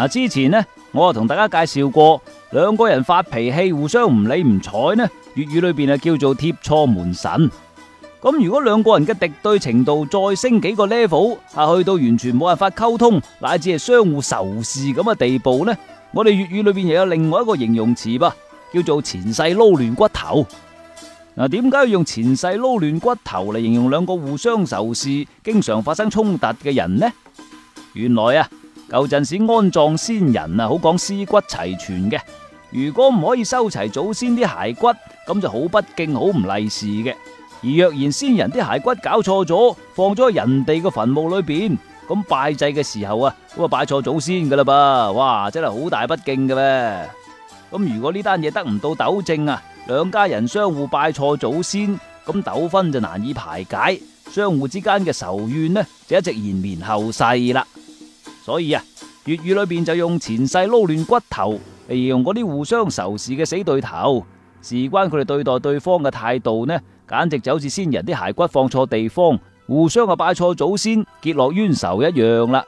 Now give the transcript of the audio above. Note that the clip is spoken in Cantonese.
嗱，之前咧，我啊同大家介紹過，兩個人發脾氣，互相唔理唔睬呢，粵語裏邊啊叫做貼錯門神。咁如果兩個人嘅敵對程度再升幾個 level，係去到完全冇辦法溝通，乃至係相互仇視咁嘅地步咧，我哋粵語裏邊又有另外一個形容詞噃，叫做前世撈亂骨頭。嗱，點解要用前世撈亂骨頭嚟形容兩個互相仇視、經常發生衝突嘅人呢？原來啊～舊陣時安葬先人啊，好講屍骨齊全嘅。如果唔可以收齊祖先啲骸骨，咁就好不敬，好唔利是嘅。而若然先人啲骸骨搞錯咗，放咗喺人哋嘅墳墓裏邊，咁拜祭嘅時候啊，咁啊拜錯祖先噶啦噃，哇，真係好大不敬嘅咩？咁如果呢單嘢得唔到糾正啊，兩家人相互拜錯祖先，咁糾紛就難以排解，相互之間嘅仇怨呢就一直延綿後世啦。所以啊，粵語裏邊就用前世撈亂骨頭嚟形容嗰啲互相仇視嘅死對頭，事關佢哋對待對方嘅態度呢，簡直就好似先人啲骸骨放錯地方，互相啊拜錯祖先，結落冤仇一樣啦。